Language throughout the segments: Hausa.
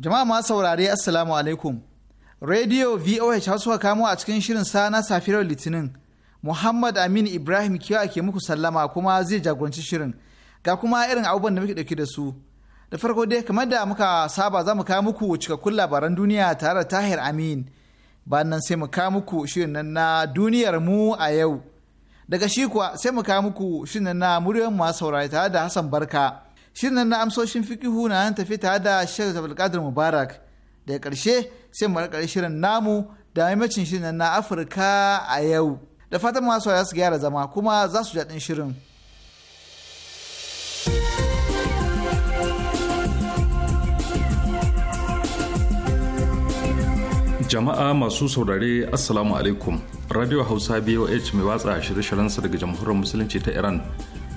Jama'a ma saurare Assalamu alaikum. Radio VOH hausa kamo a cikin shirin sa na safiyar Litinin. Muhammad Amin Ibrahim kiwa ke muku sallama kuma zai jagoranci shirin. Ga kuma irin abubuwan da muke ɗauki da su. Da farko dai kamar da muka saba za mu kawo muku cikakkun labaran duniya tare da Tahir Amin. Bayan nan sai mu kawo muku shirin nan na duniyar mu a yau. Daga shi kuwa sai mu kawo muku shirin nan na muryoyin masu saurare tare da Hassan Barka. shirin na amsoshin fikihu na nan tafi tare da Sheikh Abdulkadir Mubarak da ƙarshe sai mu rika shirin namu da maimacin shirin na Afirka a yau da fatan masu su gyara zama kuma za su jaɗin shirin. jama'a masu saurare assalamu alaikum radio hausa boh mai watsa shirye-shiryensa daga jamhuriyar musulunci ta iran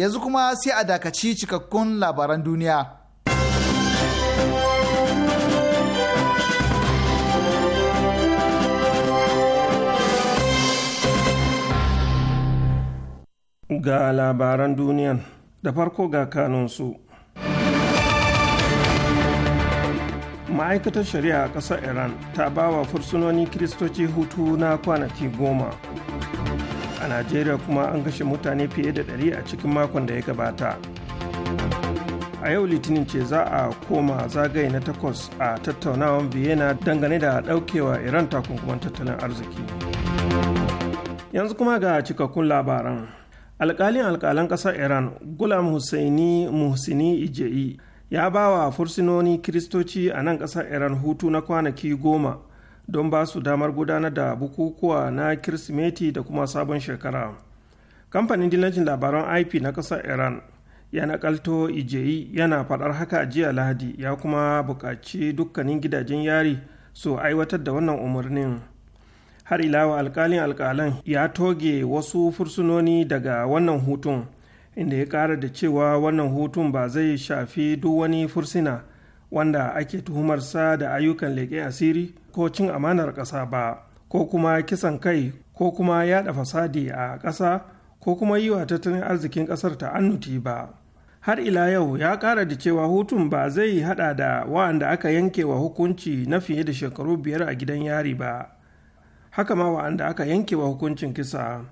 yanzu kuma sai a dakaci cikakkun labaran duniya. Ga labaran duniyan da farko ga kanunsu. Ma'aikatar shari'a a ƙasar Iran ta ba wa fursunoni kiristoci hutu na kwanaki goma. a najeriya kuma an kashe mutane fiye da 100 a cikin makon da ya gabata a yau litinin ce za a koma zagaye na takwas a tattaunawan vienna dangane da daukewa iran takunkuman tattalin arziki yanzu kuma ga cikakkun labaran alkalin alkalan ƙasar iran gulam Hussaini muhsini ije'i ya ba wa fursunoni kiristoci a nan ƙasar iran hutu na kwanaki goma don ba su damar gudanar da bukukuwa na kirsimeti da kuma sabon shekara kamfanin dillancin labaran ip na ƙasar iran ya nakalto ijeyi yana faɗar haka jiya lahadi ya kuma buƙaci dukkanin gidajen yari su aiwatar da wannan umarnin har ilawa alkalin alkalan ya toge wasu fursunoni daga wannan hutun inda ya ƙara da cewa wannan hutun ba zai shafi duk wani fursuna wanda ake tuhumarsa da ayyukan leƙen asiri ko cin amanar ƙasa ba ko kuma kisan kai ko kuma yaɗa fasadi a ƙasa ko kuma yi wa tattalin arzikin ƙasar ta annuti ba har ila yau ya ƙara da cewa hutun ba zai haɗa da wa'anda aka yanke wa hukunci na fiye da shekaru biyar a gidan yari ba haka ma wa'anda aka yanke wa hukuncin kisa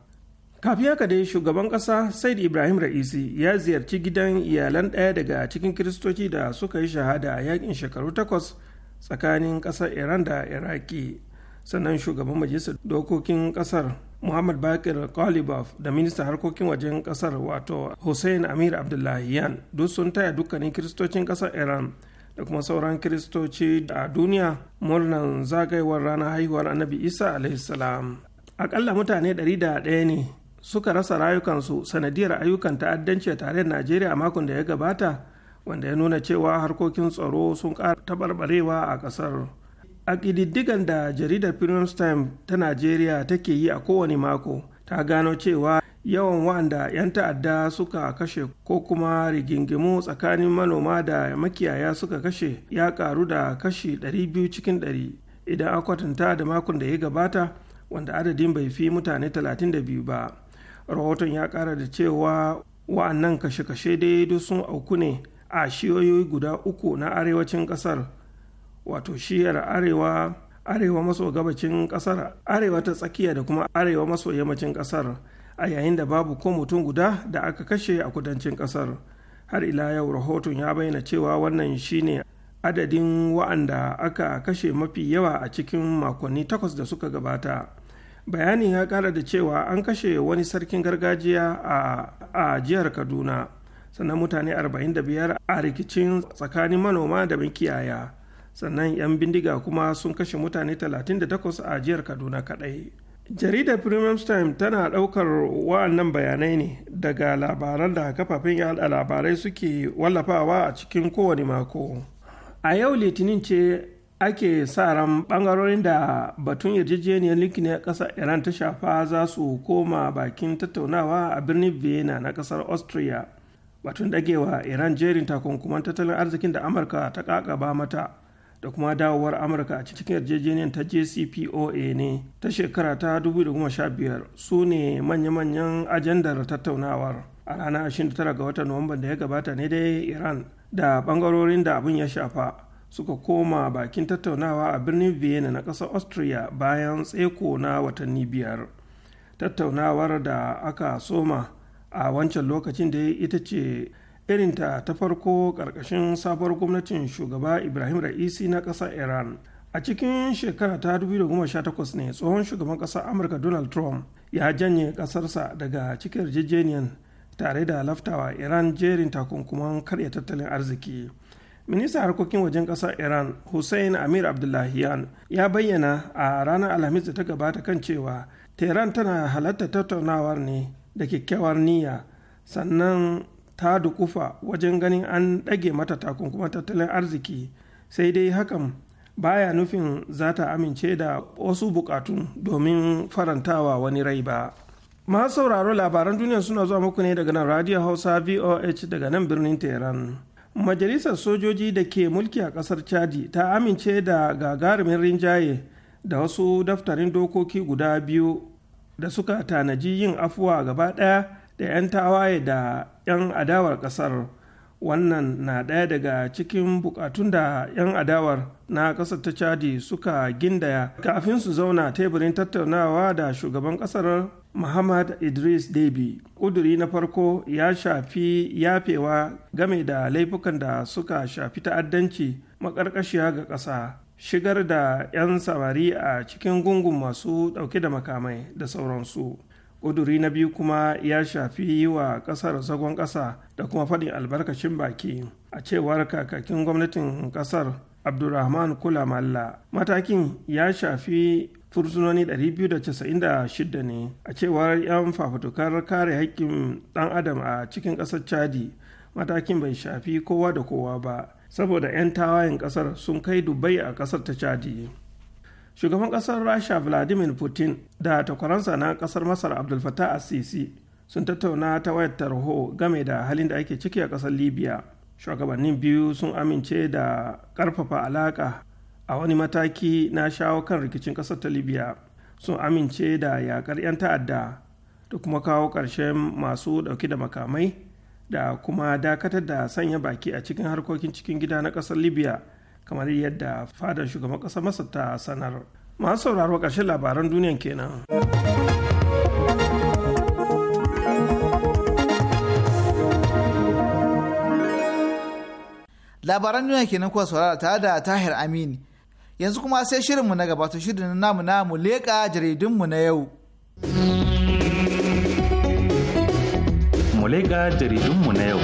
kafin haka dai shugaban ƙasa said ibrahim ra'isi ya ziyarci gidan iyalan ɗaya daga cikin kiristoci da suka yi shahada a yakin shekaru takwas tsakanin ƙasar iran da iraki sannan shugaban majalisar dokokin ƙasar muhammad bakir kalibov da ministan harkokin wajen ƙasar wato hussein amir abdullahiyan duk sun taya dukkanin kiristocin ƙasar iran da kuma sauran kiristoci a duniya murnan zagayewar ranar haihuwar annabi isa alaihissalam akalla mutane 101 ne suka rasa rayukansu sanadiyar ayyukan ta'addanci a tare da najeriya a makon da ya gabata wanda ya nuna cewa harkokin tsaro sun ƙara taɓarɓarewa a ƙasar a ƙididdigan da jaridar premium time ta najeriya take yi a kowane mako ta gano cewa yawan wa'anda 'yan ta'adda suka kashe ko kuma rigingimu tsakanin manoma da makiyaya suka kashe ya karu da kashi 200 cikin 100 idan a kwatanta da makon da ya gabata wanda adadin bai fi mutane 32 ba rahoton ya kara da cewa wa'annan kashe-kashe dai duk sun auku ne a shiyoyi guda uku na arewacin ƙasar wato shiyar arewa arewa maso gabacin ƙasar arewa ta tsakiya da kuma arewa maso yammacin ƙasar a yayin da babu ko mutum guda da aka kashe a kudancin ƙasar har ila yau rahoton ya bayyana cewa wannan shine adadin wa'anda aka kashe mafi yawa a cikin makonni takwas da suka gabata bayanin ya kara da cewa an kashe wani sarkin gargajiya a jihar kaduna sannan mutane 45 a rikicin tsakanin manoma da kiyaya sannan 'yan bindiga kuma sun kashe mutane 38 a jihar kaduna kadai jaridar premium time tana daukar wa'annan bayanai ne daga labaran da kafafen yada labarai suke wallafawa a cikin kowane mako a yau litinin ce ake sa ran bangarorin da batun yarjejeniyar na kasa iran ta shafa za su koma bakin tattaunawa a birnin vienna na ƙasar austria batun dagewa iran jerin takunkuman tattalin arzikin da amurka ta kakaba mata da kuma dawowar amurka a cikin yarjejeniyar ta jcpoa ne ta shekara ta 2015 su ne manya-manyan ajandar tattaunawar a ranar 29 ga watan nuwamban da ya gabata ne dai iran da bangarorin da abin ya shafa suka koma bakin tattaunawa a birnin vienna na ƙasar austria bayan tseko na watanni biyar tattaunawar da aka soma a wancan lokacin da ita ce irin ta farko ƙarƙashin sabuwar gwamnatin shugaba ibrahim ra'isi na ƙasa iran a cikin shekara ta 2018 ne tsohon shugaban ƙasar amurka donald trump ya janye ƙasarsa daga cikin yarjejeniyar tare da laftawa iran jerin takunkuman karya tattalin arziki ministan harkokin wajen ƙasar iran hussein amir abdullahiyan ya bayyana a ranar alhamis da ta gabata kan cewa tehran tana halatta tattaunawar ne da kyakkyawar niyya sannan ta dukufa wajen ganin an ɗage mata takunkuma tattalin arziki sai dai hakan baya nufin za ta amince da wasu bukatu domin farantawa wani rai ba masu sauraro labaran duniya suna zuwa muku ne daga nan radio hausa voh daga nan birnin tehran majalisar sojoji da ke mulki a kasar chadi ta amince da gagarumin rinjaye da wasu daftarin dokoki guda biyu da suka tanaji yin afuwa gaba ɗaya da 'yan tawaye da 'yan adawar ƙasar wannan na ɗaya daga cikin bukatun da 'yan adawar na ƙasar ta chadi suka gindaya kafin su zauna teburin tattaunawa da shugaban ƙasar Muhammad Idris debi ƙuduri na farko ya shafi yafewa game da laifukan da suka shafi ta'addanci maƙarƙashiya ga ƙasa shigar da 'yan samari a cikin gungun masu ɗauke da makamai da sauransu ƙuduri na biyu kuma ya shafi yi wa ƙasar zagon ƙasa da kuma faɗin albarkacin baki a cewar kakakin gwamnatin ƙasar abdulrahman kula malla matakin ya shafi fursunoni 296 ne a cewar 'yan fafutukar kare haƙƙin ɗan adam a cikin ƙasar chadi matakin bai shafi kowa da kowa ba saboda 'yan tawayen kasar sun kai dubai a kasar ta chadi shugaban kasar rasha vladimir putin da takwaransa na kasar masar abdul fattah assisi sun tattauna ta wayar tarho game da halin da ake ciki a kasar libya shugabannin biyu sun amince da karfafa alaka a wani mataki na shawo kan rikicin kasar ta libya sun amince da yakar 'yan ta'adda da kuma kawo ƙarshen masu ɗauki da makamai da kuma dakatar da sanya baki a cikin harkokin cikin gida na kasar libya kamar yadda fadar shugaban kasar masar ta sanar masu sauraro karshen labaran duniyan kenan labaran duniya kenan kuwa saurara tare da tahir amin yanzu kuma sai shirinmu na gabata shirin namu na mu leƙa jaridunmu na yau. ga jaridunmu na yau.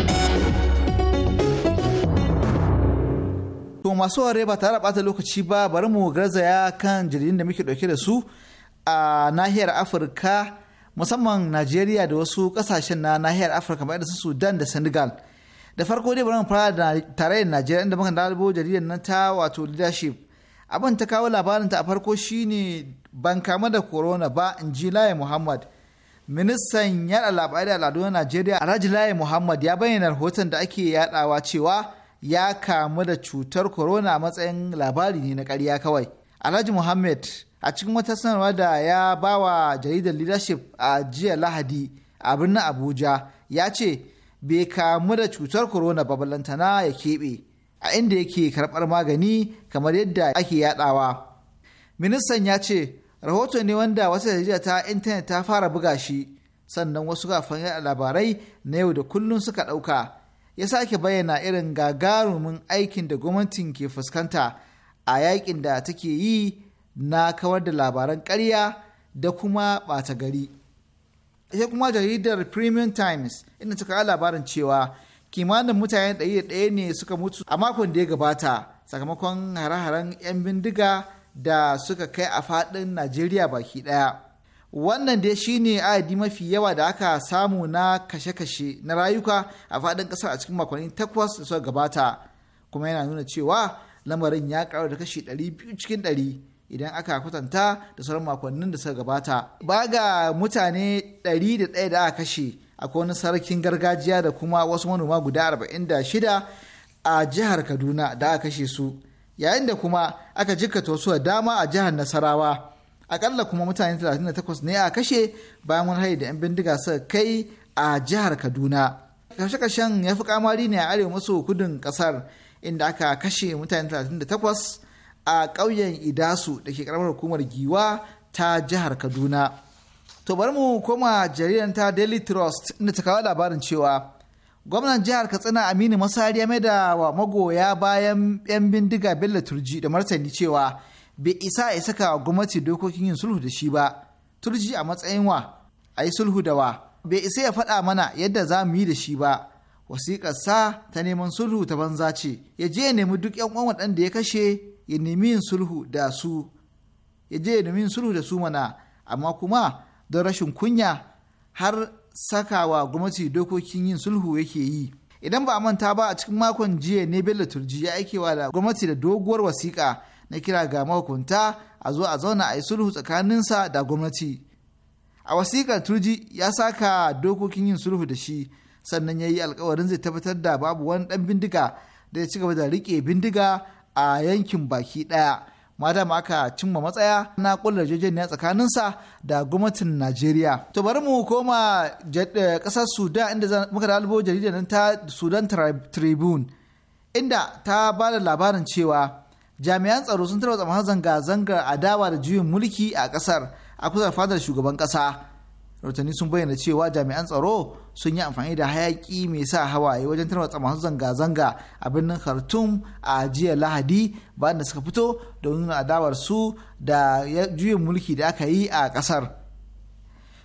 To masu ware ba tare bata lokaci ba bari mu garzaya kan jaridun da muke dauke da su a nahiyar Afirka musamman Najeriya da wasu kasashen na nahiyar Afirka da su Sudan da Senegal. Da farko dai bari mu fara da tarayyar Najeriya inda muka dalibo jaridar nan ta wato leadership. Abin ta kawo labarin ta a farko shine ban kama da corona ba in ji Laye Muhammad. ministan yada labarai da al'adu na najeriya alhaji layi muhammad ya bayyana rahoton da ake yadawa cewa ya kamu da cutar corona a matsayin labari ne na karya kawai alhaji muhammad a cikin wata sanarwa da ya ba wa jaridar leadership a jiya lahadi a birnin abuja ya ce bai kamu da cutar corona ba balantana ya keɓe a inda yake karɓar magani kamar yadda ake yadawa ministan ya ce rahoto ne wanda wata jarida ta intanet ta fara buga shi sannan wasu kafin labarai na yau da kullum suka ɗauka ya sake bayyana irin gagarumin aikin da gwamnatin ke fuskanta a yakin da take yi na kawar da labaran ƙarya da kuma ɓata gari ita kuma jaridar premium times inda ta labarin cewa kimanin mutane ɗaya ne suka mutu a makon da ya gabata sakamakon hare-haren 'yan bindiga da suka kai a fadin Najeriya baki daya. Wannan dai ne adadi mafi yawa da aka samu na kashe-kashe na rayuka a fadin kasar a cikin makonni takwas da suka gabata, kuma yana nuna cewa lamarin ya karu da kashi ɗari cikin ɗari idan aka kwatanta da sauran makonnin da suka gabata. Ba ga mutane 100 da ɗaya da aka kashe akwai wani sarkin gargajiya da kuma wasu manoma guda 46 a jihar Kaduna da aka kashe su. yayin da kuma aka jikkata wasu da dama a jihar nasarawa akalla kuma mutane 38 ne a kashe bayan wani hari da 'yan bindiga suka kai a jihar kaduna kashe-kashen ya fi kamari ne a arewa maso kudin kasar inda aka kashe mutane 38 a ƙauyen idasu da ke karamar hukumar giwa ta jihar kaduna to bari mu koma jaridar ta daily trust inda ta kawo labarin cewa gwamnan jihar katsina aminu masari ya maida wa magoya bayan 'yan bindiga bello turji da martani cewa bai isa ya saka wa gwamnati dokokin yin sulhu da shi ba turji a matsayin wa a yi sulhu da wa bai isa ya faɗa mana yadda za mu yi da shi ba wasiƙar sa ta neman sulhu ta banza ce ya je ya nemi duk 'yan uwan waɗanda ya kashe ya nemi yin sulhu da su ya je ya nemi yin sulhu da su mana amma kuma don rashin kunya har sakawa gwamnati dokokin yin sulhu yake yi idan ba a manta ba a cikin makon jiya ne bello turji ya aike wa da gwamnati da doguwar wasiƙa na kira ga mahukunta a zo a zauna a yi sulhu tsakaninsa da gwamnati a wasiƙar turji ya saka dokokin yin sulhu da shi sannan ya yi alkawarin zai tabbatar da babu wani ɗan bindiga da ya ci gaba da riƙe bindiga a yankin baki ɗaya madam aka cimma matsaya na kullar jejeniya sa da gwamnatin najeriya to bari mu koma kasar eh, sudan inda muka dalibo jaridar ta sudan tribune inda ta ba da labarin cewa jami'an tsaro sun tarwatsa masu zanga-zangar adawa da juyin mulki a kasar a kusa fadar shugaban kasa rahotanni sun bayyana cewa jami'an tsaro sun yi amfani da hayaki mai sa hawaye wajen tarwatsa masu zanga-zanga a birnin khartoum a jiya lahadi bayan da suka fito don nuna adawar su da juyin mulki da aka yi a kasar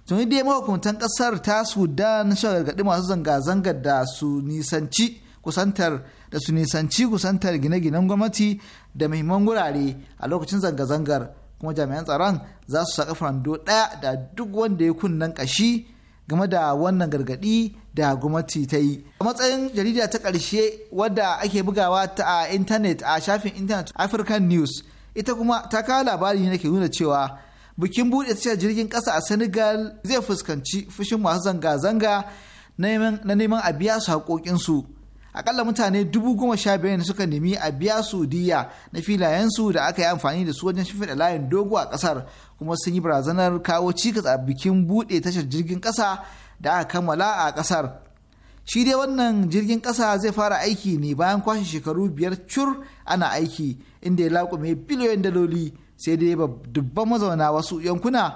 tuni dai mahukuntan kasar ta sudan shan gargaɗi masu zanga-zangar da su nisanci kusantar da su nisanci kusantar gine-ginen gwamnati da muhimman wurare a lokacin zanga-zangar kuma jami'an tsaron za su saka farando ɗaya da duk wanda ya kunnen ƙashi game da wannan gargaɗi da gwamnati ta yi a matsayin jarida ta ƙarshe wadda ake bugawa ta a intanet a shafin intanet african news ita kuma ta kawo labari ne ke nuna cewa bikin buɗe tashar jirgin ƙasa a senegal zai fuskanci fushin masu zanga-zanga na neman a biya su haƙoƙinsu akalla mutane dubu goma sha biyar ne suka nemi a biya su diya na filayensu da aka yi amfani da su wajen shimfiɗa layin dogo a ƙasar kuma sun yi barazanar kawo cikas a bikin buɗe tashar jirgin ƙasa da aka kammala a ƙasar shi dai wannan jirgin ƙasa zai fara aiki ne bayan kwashe shekaru biyar cur ana aiki inda ya laƙume biliyoyin daloli sai dai dubban mazauna wasu yankuna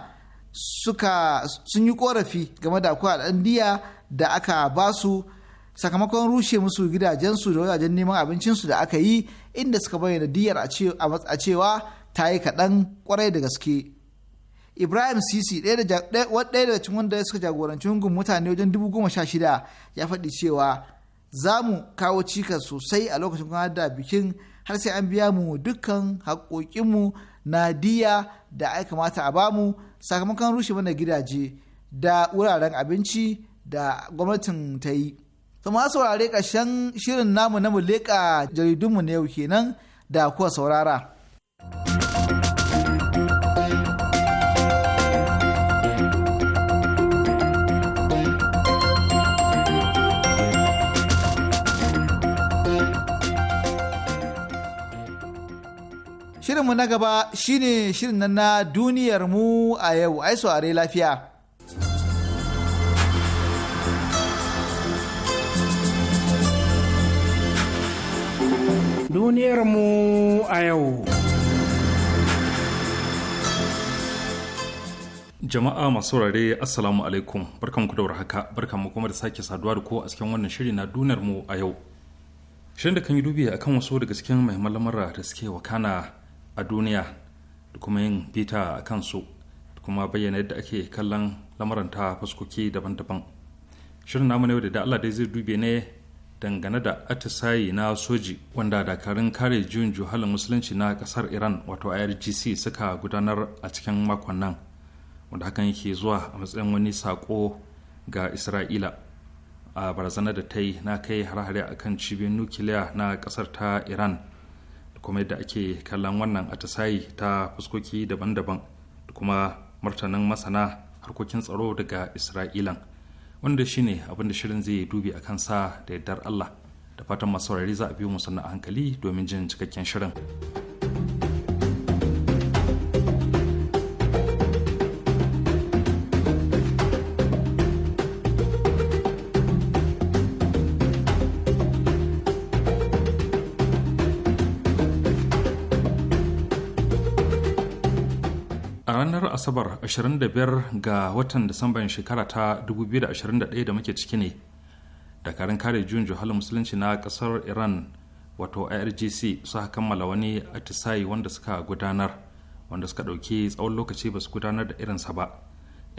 suka sun yi ƙorafi game da kuwa diya da aka basu sakamakon rushe musu gidajensu da wajajen neman abincinsu da aka yi inda suka bayyana diyar a cewa ta yi kaɗan kwarai da gaske ibrahim sisi ɗaya daga cikin wanda suka jagoranci hungun mutane wajen dubu goma sha shida ya faɗi cewa za mu kawo cikas sosai a lokacin gudanar da bikin har sai an biya mu dukkan haƙoƙinmu na diya da ai kamata a bamu sakamakon rushe mana gidaje da wuraren abinci da gwamnatin ta yi to ma saurare ƙarshen shirin namu na muleka jaridunmu na yau kenan da kuwa saurara. Shirinmu na gaba shine shirin na duniyar mu a yau, ai saurare lafiya. duniyarmu a yau. Jama'a masu saurare Assalamu alaikum barkanku da warhaka mu kuma da sake saduwa da ko a cikin wannan shiri na duniyarmu a yau. Shirin da kan yi dubi akan wasu daga cikin muhimman lamarra da suke wakana a duniya da kuma yin bita a kansu da kuma bayyana yadda ake kallon lamaranta ta fuskoki daban-daban. Shirin namu ne da Allah dai zai dube ne dangane da atisayi na soji wanda dakarun kare juyin juhalin musulunci na kasar iran wato irgc suka gudanar a cikin makon nan wanda hakan yake zuwa a matsayin wani sako ga isra'ila a barazanar da ta yi na kai hare-hare a kan cibiyar nukiliya na kasar ta iran da kuma yadda ake kallon wannan atisayi ta fuskoki daban-daban da kuma martanin masana harkokin tsaro daga isra'ilan wanda shine abin da shirin zai dubi a sa da yardar Allah da fatan masu saurari za a biyo mu sannan a hankali domin jin cikakken shirin. asabar 25 ga watan disamban shekara ta 2021 da muke ciki ne dakarun kare juyin juhalin musulunci na kasar iran wato irgc suka kammala wani atisayi wanda suka gudanar wanda suka ɗauki tsawon lokaci ba su gudanar da irinsa ba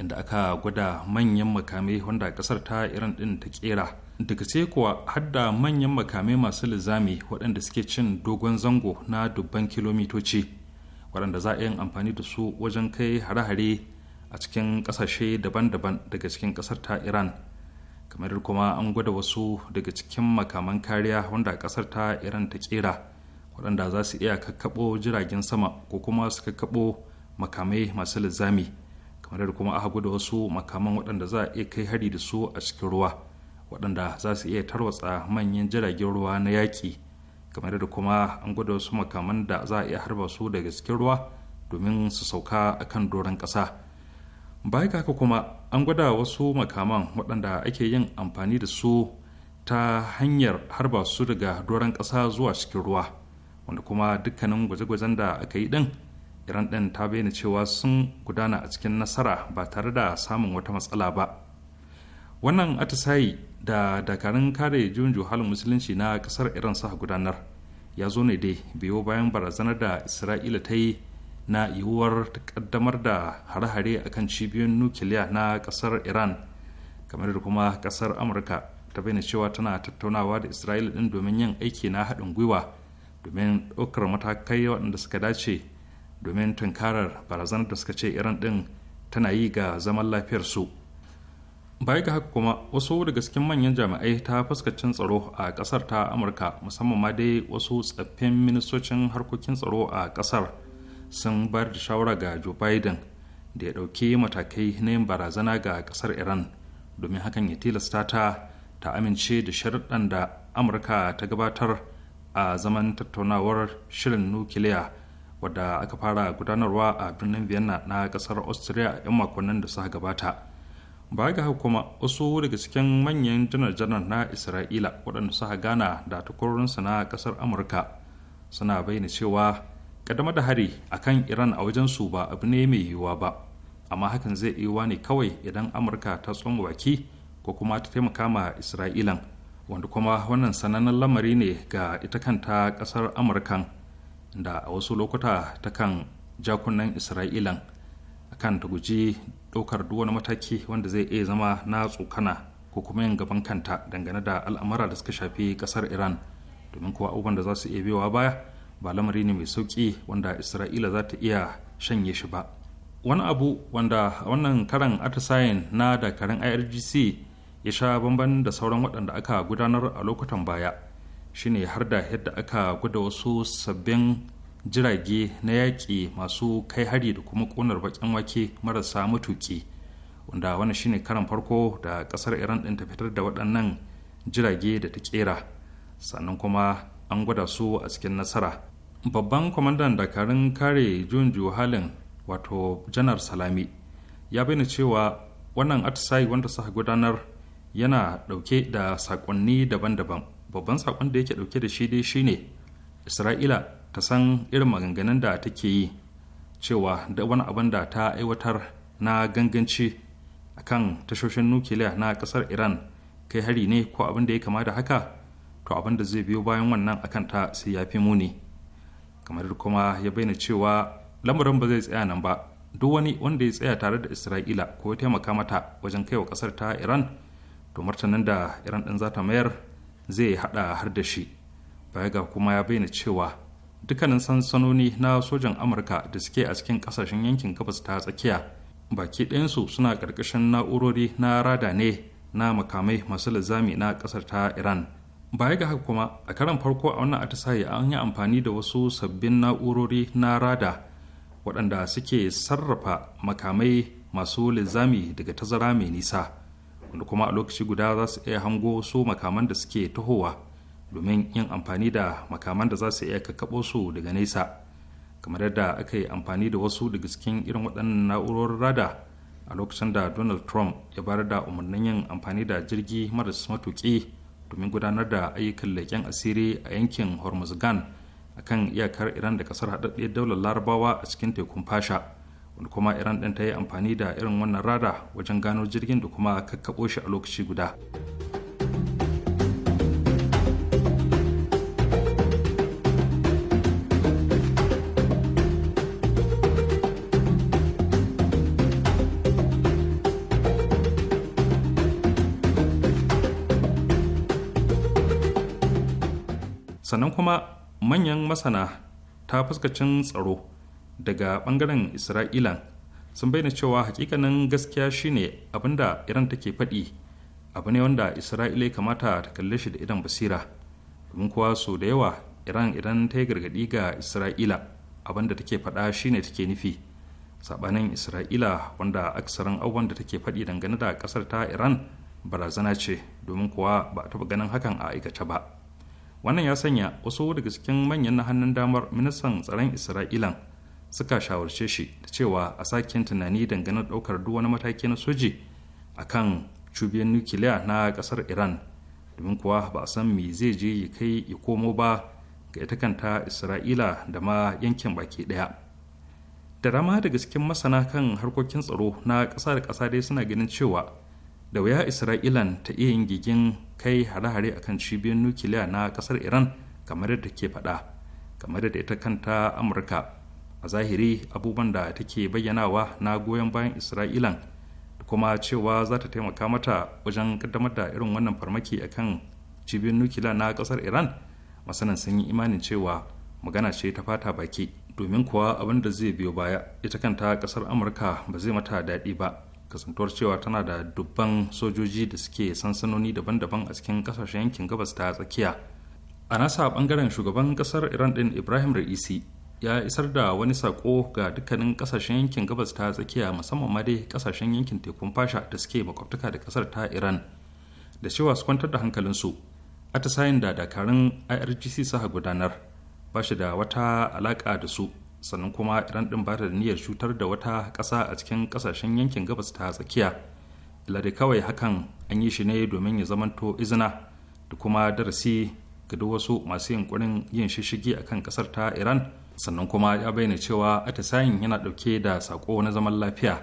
inda aka gwada manyan makamai wanda kasar ta iran ɗin ta kera daga sai kuwa hadda manyan makamai masu lizami waɗanda suke cin dogon zango na dubban kilomitoci waɗanda za a yin amfani da su wajen kai hare-hare a cikin ƙasashe daban-daban daga cikin ƙasar ta iran kamar kuma an gwada wasu daga cikin makaman kariya wanda ƙasar ta iran ta ƙera waɗanda za su iya kakkaɓo jiragen sama ko kuma su kakkaɓo makamai masu lizami kamar kuma aka gwada wasu makaman waɗanda za a iya kai hari da su a cikin ruwa waɗanda za su iya tarwatsa manyan jiragen ruwa na yaƙi kamar yadda kuma an gwada wasu makaman da za a iya harba su daga cikin ruwa domin su sauka a kan doron ƙasa bayan haka kuma an gwada wasu makaman waɗanda ake yin amfani da su ta hanyar harba su daga doron ƙasa zuwa cikin ruwa wanda kuma dukkanin gwaje-gwajen da aka yi ɗin iran ɗin ta bayyana cewa sun gudana a cikin nasara ba tare da samun wata matsala ba wannan atisayi da dakarun kare juyin halin musulunci na kasar iran sa gudanar ya zo ne dai biyo bayan barazanar da isra'ila ta yi na yiwuwar kaddamar da hare-hare a kan cibiyoyin nukiliya na kasar iran kamar da kuma kasar amurka ta bayyana cewa tana tattaunawa da isra'ila din domin yin aiki na haɗin gwiwa domin ɗaukar matakai waɗanda suka dace domin tunkarar barazanar da suka ce iran din tana yi ga zaman lafiyar su baya ga haka kuma wasu daga cikin manyan jami'ai ta fuskacin tsaro a kasar ta amurka musamman ma dai wasu tsaffin ministocin harkokin tsaro a kasar sun bayar da shawara ga joe biden da ya ɗauki matakai na yin barazana ga kasar iran domin hakan ya tilasta ta ta amince da sharuɗan da amurka ta gabatar a zaman tattaunawar shirin nukiliya wadda aka fara gudanarwa a birnin vienna na kasar austria a 'yan makonnin da suka gabata ba ga kuma wasu daga cikin manyan janar-janar na isra'ila waɗanda suka gana da takwarorinsu na ƙasar amurka suna bayyana cewa ƙaddamar da hari a kan iran a wajensu ba abu ne mai yiwuwa ba amma hakan zai iya ne kawai idan amurka ta tsoma baki ko kuma ta taimaka ma isra'ilan wanda kuma wannan sanannen lamari ne ga ita kanta ƙasar amurkan da a wasu lokuta ta kan jakunan isra'ilan kan ta guji ɗaukar duk wani mataki wanda zai iya zama na tsokana ko kuma yin gaban kanta dangane da al'amura da suka shafi ƙasar iran domin kuwa abubuwan da za su iya biyowa baya ba lamari ne mai sauƙi wanda isra'ila za ta iya shanye shi ba wani abu wanda wannan karan atisayen na dakarun irgc ya sha bamban da sauran waɗanda aka gudanar a lokutan baya shine har da yadda aka guda wasu sabbin jirage na yaƙi masu kai hari da kuma ƙonar baƙin wake marasa matuƙi wanda wani shine karan farko da ƙasar iran ɗin ta fitar da waɗannan jirage da ta ƙera sannan kuma an gwada su a cikin nasara babban kwamandan dakarun kare jun halin wato janar salami ya bayyana cewa wannan atisayi wanda suka gudanar yana ɗauke da saƙonni daban-daban babban saƙon da yake ɗauke da shi dai shine isra'ila ta san irin maganganun da take yi cewa da wani abin da ta aiwatar na ganganci a kan tashoshin nukiliya na kasar iran kai hari ne ko abin da ya kama da haka to abin da zai biyo bayan wannan akan ta sai ya fi muni kamar kuma ya bayyana cewa lamarin ba zai tsaya nan ba duk wani wanda ya tsaya tare da isra'ila ko ya taimaka mata wajen kai wa kasar ta iran to martanin da iran din za ta mayar zai hada har da shi baya ga kuma ya bayyana cewa dukkanin sansanoni na sojan amurka da suke a cikin kasashen yankin gabas ta tsakiya baki ɗayansu suna ƙarƙashin na'urori na rada ne na makamai masu lizami na ƙasar ta iran baya ga haka kuma a karan farko a wannan atisaye an yi amfani da wasu sabbin na'urori na rada waɗanda suke sarrafa makamai masu lizami daga tazara mai nisa wanda kuma a lokaci guda za su iya hango su makaman da suke tahowa domin yin amfani da makaman da za su iya kakkaɓo su daga nesa kamar yadda aka yi amfani da wasu daga cikin irin waɗannan na'urorin rada a lokacin da donald trump ya bayar da umarnin yin amfani da jirgi maras matuƙi domin gudanar da ayyukan leƙen asiri a yankin hormuzgan a kan iyakar iran da kasar haɗaɗɗiyar daular larabawa a cikin tekun fasha wanda kuma iran ɗin ta yi amfani da irin wannan rada wajen gano jirgin da kuma kakkaɓo shi a lokaci guda. sannan kuma manyan masana ta fuskacin tsaro daga bangaren isra'ila sun bayyana cewa hakikanin gaskiya shine abinda iran take faɗi abu ne wanda isra'ila kamata ta kalle shi da idan basira domin kuwa so da yawa iran idan ta yi gargaɗi ga isra'ila abinda take faɗa shine take nufi sabanin isra'ila wanda aksarin abubuwan da take faɗi dangane da ƙasar ta iran barazana ce domin kuwa ba a taɓa ganin hakan a aikace ba wannan ya sanya wasu daga cikin manyan hannun damar ministan tsaron isra'ilan suka shawarce shi da cewa a sakin tunani dangane da ɗaukar duk wani mataki na soji a kan cubiyar nukiliya na kasar iran domin kuwa ba a san me zai je ya kai ya komo ba ga ita kanta isra'ila da ma yankin baki ɗaya da rama daga cikin masana kan harkokin tsaro na kasa da kasa dai suna ganin cewa da wuya isra'ilan ta iya yin gigin kai hare-hare akan cibiyar nukiliya na kasar iran kamar yadda ke faɗa kamar yadda ita kanta amurka a zahiri abubuwan da take bayyanawa na goyon bayan isra'ilan da kuma cewa za ta taimaka mata wajen kaddamar da irin wannan farmaki akan cibiyar nukiliya na kasar iran masanan sun yi imanin cewa magana ce ta fata baki domin kuwa abin da zai biyo baya ita kanta kasar amurka ba zai mata daɗi ba kasantuwar cewa tana da dubban sojoji da suke sansanoni daban-daban a cikin kasashen yankin gabas ta tsakiya a nasa bangaren shugaban kasar iran din ibrahim ra'isi ya isar da wani sako ga dukkanin kasashen yankin gabas ta tsakiya musamman ma dai kasashen yankin tekun fasha da suke makwabtaka da kasar ta iran da cewa su kwantar da hankalinsu atisayin da dakarun irgc suka gudanar ba shi da wata alaka da su sannan kuma iran din bata da niyyar cutar da wata ƙasa a cikin ƙasashen yankin gabas ta tsakiya ladi kawai hakan an yi shi ne domin ya zamanto izina da kuma darasi ga duk wasu masu yunkurin yin shishigi a kan ƙasar ta iran sannan kuma ya bayyana cewa atisayin yana ɗauke da sako na zaman lafiya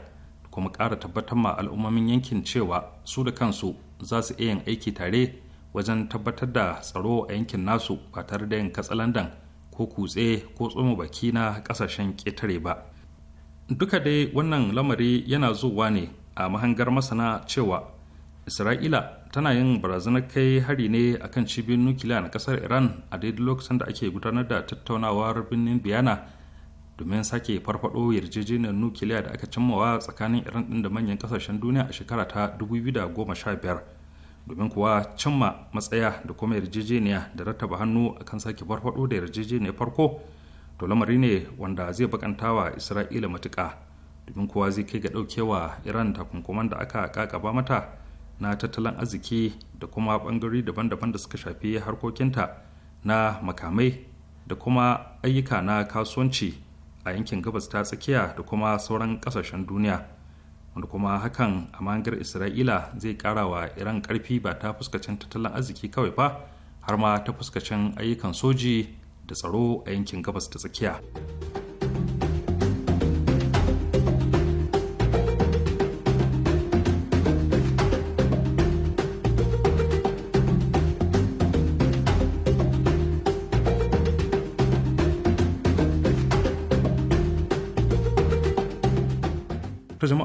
kuma ƙara tabbatar ma al'ummomin yankin cewa su da kansu za su iya yin aiki tare wajen tabbatar da tsaro a yankin nasu ba tare da yin katsalandan ko kutse ko tsoma baki na kasashen ƙetare ba duka dai wannan lamari yana zuwa ne a mahangar masana cewa isra'ila tana yin barazanar kai hari ne akan cibiyar nukiliya na kasar iran a daidai lokacin da ake gudanar da tattaunawar birnin biyana domin sake farfado yarjejeniyar nukiliya da aka cimmawa tsakanin iran din da manyan kasashen duniya a shekara ta 2015 domin kuwa cimma matsaya da kuma yarjejeniya da rattaba hannu a kan sake farfado da yarjejeniya farko to lamari ne wanda zai wa isra'ila matuka domin kuwa zai kai ga ɗaukewa iran takunkuman da aka kakaba mata na tattalin arziki da kuma ɓangare daban-daban da suka shafi harkokinta na makamai da kuma ayyuka na kasuwanci a yankin gabas ta tsakiya da kuma sauran ƙasashen duniya wanda kuma hakan a mahangar isra'ila zai kara wa iran karfi ba ta fuskacin tattalin arziki kawai ba har ma ta fuskacin ayyukan soji da tsaro a yankin gabas ta tsakiya.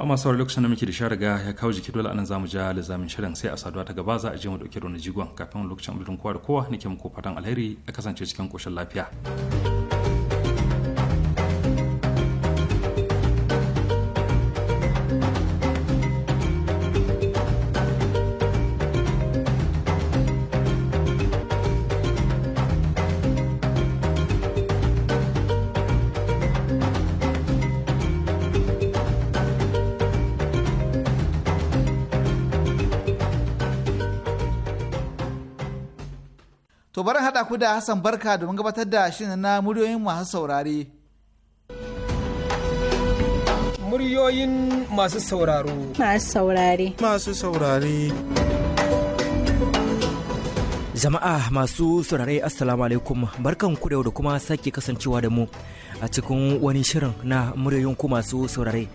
masu saurari lokacin da muke da sha riga ya kawo jiki dole anan zamu ja lizamin shirin sai a saduwa ta gaba za a je mu dauke da wani jigon kafin lokacin abudin kowa da kowa nake muku fatan alheri a kasance cikin koshin lafiya. ku da Hassan Barka domin gabatar da shirin na muryoyin masu saurare. Muryoyin masu sauraro. Masu saurare. Masu saurare. Jama'a masu saurare Assalamu alaikum barkan ku da kuma sake kasancewa da mu a cikin wani shirin na muryoyin ku masu saurare.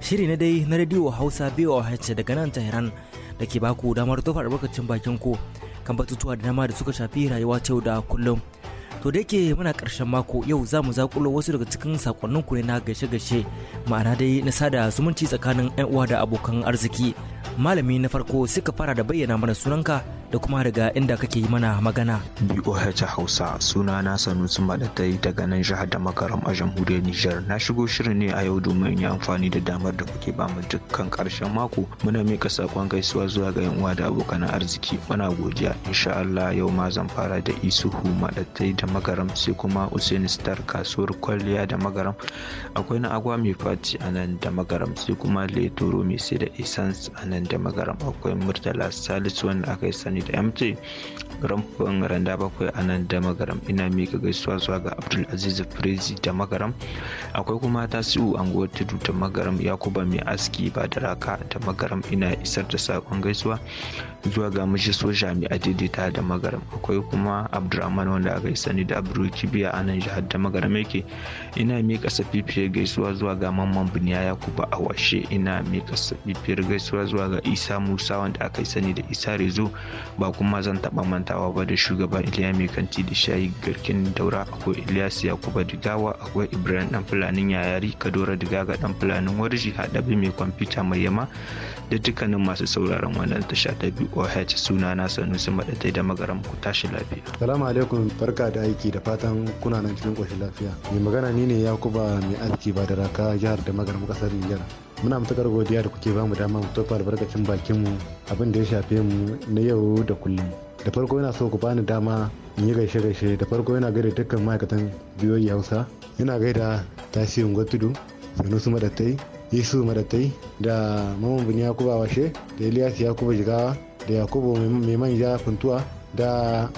Shiri na dai na radio Hausa a daga nan Tehran da ke baku damar tofa albarkacin bakin ku kan batutuwa da dama da suka shafi rayuwa ta yau da kullum to da yake muna karshen mako yau za mu zakulo wasu daga cikin sakonnin ku ne na gaishe-gaishe ma'ana dai na sada zumunci tsakanin 'yan uwa da abokan arziki malami na farko suka fara da bayyana mana sunanka da kuma daga inda kake yi mana magana. BOH Hausa suna na sanusu Madatai daga nan jihar da makaram a jamhuriyar Nijar. Na shigo shirin ne a yau domin yi amfani da damar da kuke ba mu dukkan karshen mako. Muna mika sakon gaisuwa zuwa ga yan uwa da abokan arziki. Muna godiya insha Allah yau ma zan fara da Isuhu Madatai da magaram sai kuma usaini star kasuwar kwalliya da magaram akwai na agwa mai faci a nan da magaram sai kuma leturo mai sai da essence a nan da magaram akwai murtala salisu wanda aka yi sani da mt ramfin randa bakwai a nan da magaram ina mika gaisuwa zuwa ga abdulaziz firizi da magaram akwai kuma tasiu anguwar tudu da magaram yakuba mai aski badaraka da raka da magaram ina isar da sakon gaisuwa zuwa ga mashi soja mai adidita da magaram akwai kuma abdulrahman wanda aka yi sani da Abdul Kibiya a nan jihar da magarama yake ina miƙa safifiyar gaisuwa zuwa ga Mamman Buniya Yakuba a washe ina miƙa safifiyar gaisuwa zuwa ga Isa Musa wanda aka yi sani da Isa Rezo ba kuma zan taɓa mantawa ba da shugaban Iliya Mai Kanti da Shayi Garkin Daura akwai Ilyas Yakuba Digawa akwai Ibrahim Dan Fulanin Yayari Kadora Digaga Dan Fulanin Warji Haɗabi Mai Kwamfuta mai yama. da dukkanin masu sauraron wannan tasha ta h suna na Sanusi Madatai da magaran ku tashi lafiya. Salamu alaikum barka da aiki da fatan kuna nan cikin ƙoshin lafiya. Mai magana ni ne Yakuba mai aski ba da raka jihar da magaram kasar niger. muna matukar godiya da kuke bamu dama mu tofa albarkacin bakin mu abin da ya shafe mu na yau da kullum da farko yana so ku bani dama in yi gaishe gaishe da farko yana gaida dukkan ma'aikatan biyoyi e hausa yana gaida tasirin gwatudu sanusu madattai Yesu Madatai da mamman Bin Yakuba Washe da elias Yakuba Jigawa da Yakubu Mai Manja Funtuwa da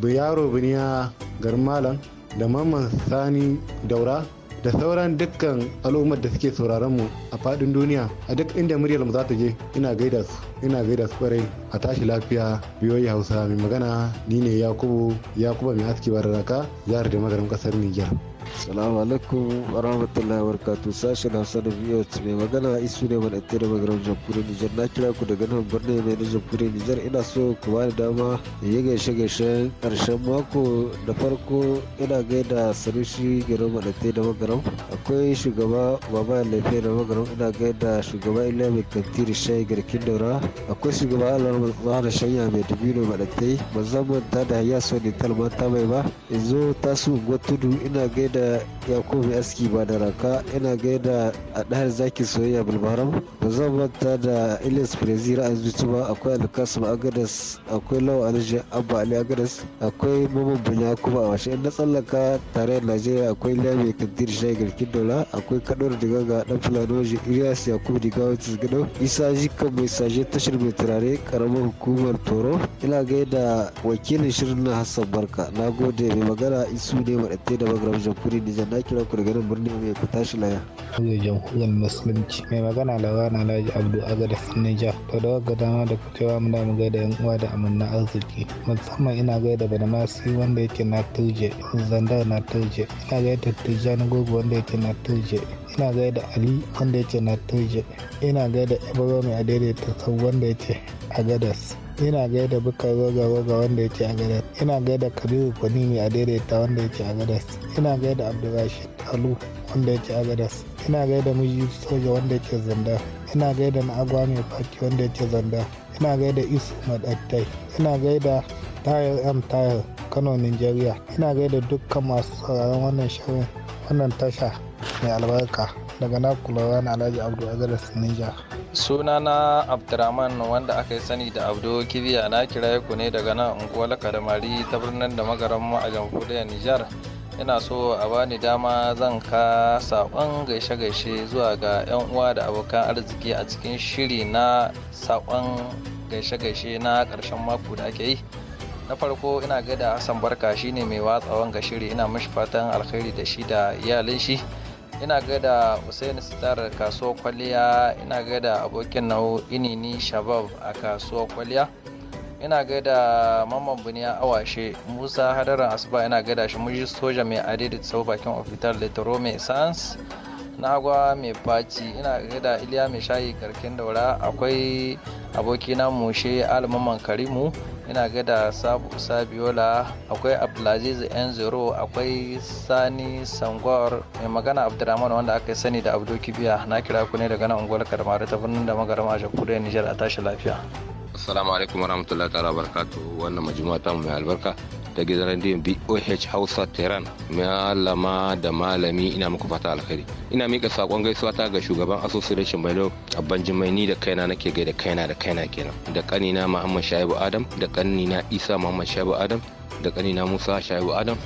Biyaro Biniya malam da mamman Sani Daura da sauran dukkan al'ummar da suke sauraron mu a fadin duniya a duk inda muryar mu za ta je ina gaida su ina gaida su kwarai a tashi lafiya biyoyi hausa mai magana ni ne yakubu yakuba mai aski raka jihar da magarin kasar niger Salamu alaikum wa rahmatullahi wa barakatu sashen Hausa da VOT mai magana isu ne mana da magaram jamhuriyar Nijar na kira ku daga nan birnin mai na jamhuriyar Nijar ina so ku da dama yi gaishe gaishen karshen mako da farko ina gaida sarushi gero mana da magaram akwai shugaba baba lafiya da magaram ina gaida shugaba ila mai kantiri shai garkin daura akwai shugaba alamar mahana shanya mai dubino mana tai ba zan manta da ya so ne talmanta mai ba yanzu tasu gwatudu ina gaida da yakubu aski ba da raka ina gaida a ɗahar zaki soyayya bulbaram ba zan manta da ilis brazil a zuci ba akwai alkasim agadas akwai lawa alji abba ali agadas akwai mamman bunya kuma a washe na tsallaka tare da najeriya akwai lami kadir shagir kindola akwai kaɗuwar digaga ɗan fulani waje ilyas yakubu digawa tisgado isa jikan mai saje tashar mai turare karamar hukumar toro ina gaida wakilin shirin na hassan barka na gode mai magana isu ne maɗatai da magaram kuri da na kira ku daga nan birnin mai ku tashi laya. jan jamhuriyar Musulunci mai magana lawana Alhaji Abdu Agada Nijar to da wagga dama da kuke wa muna gaida yan uwa da amanna arziki musamman ina gaida Badamasi wanda yake na Turje Zandar na Turje ina gaida Tijjani Gogo wanda yake na Turje ina gaida Ali wanda yake na Turje ina gaida Ibrahim Adede ta wanda yake a gadas ina gaida bukar roga roga wanda yake gadas ina gaida kabiru kwanimi a daidaita wanda yake gadas ina gaida abdurrashid alu wanda yake gadas ina gaida miji soja wanda yake zanda ina gaida na agwa mai faki wanda yake zanda ina gaida isu madattai ina gaida tayar m tayar kano nigeria ina gaida dukkan masu sauraron wannan shirin wannan tasha mai albarka daga na kulawa na alhaji abdu agadas niger sunana abdurrahman wanda aka yi sani da abdu kibiya na kiraye ku ne daga nan unguwar kadamari ta birnin da magaran a jamhuriyar nijar ina so a bani dama zan ka saƙon gaishe-gaishe zuwa ga 'yan uwa da abokan arziki a cikin shiri na saƙon gaishe-gaishe na karshen mako da ake yi na farko ina gaida hassan barka shine mai watsawan ga shiri ina mashi fatan alkhairi da shi da iyalin shi ina gaida usaini sitar kasuwar kwaliya ina gaida abokin nau inini shabab a kasuwar kwaliya ina gaida mamman buniya awashe musa hadarin asuba ina gaida shi muji soja mai adidi tsawo bakin ofitar litoro mai sans na agwa mai faci ina da iliya mai shayi karkin daura akwai abokina mushe almaman karimu ina gada sabu sabiola akwai abdulaziz yan zero akwai sani sangwar mai magana abdulrahman wanda aka sani da abdo kibiya na kira ku ne daga nan unguwar karmari ta birnin da magarama a jamhuriyar nijar a tashi lafiya assalamu alaikum warahmatullahi ta'ala barakatu wannan majima ta mai albarka da gidan rediyon BOH Hausa Tehran malama da malami ina muku fata alkhairi ina mika sakon gaisuwa ta ga shugaban association Bello Abban ni da kaina nake gaida kaina da kaina kenan da kanina Muhammad Shaibu Adam da kanina Isa Muhammad Shaibu Adam da kanina Musa Shaibu Adam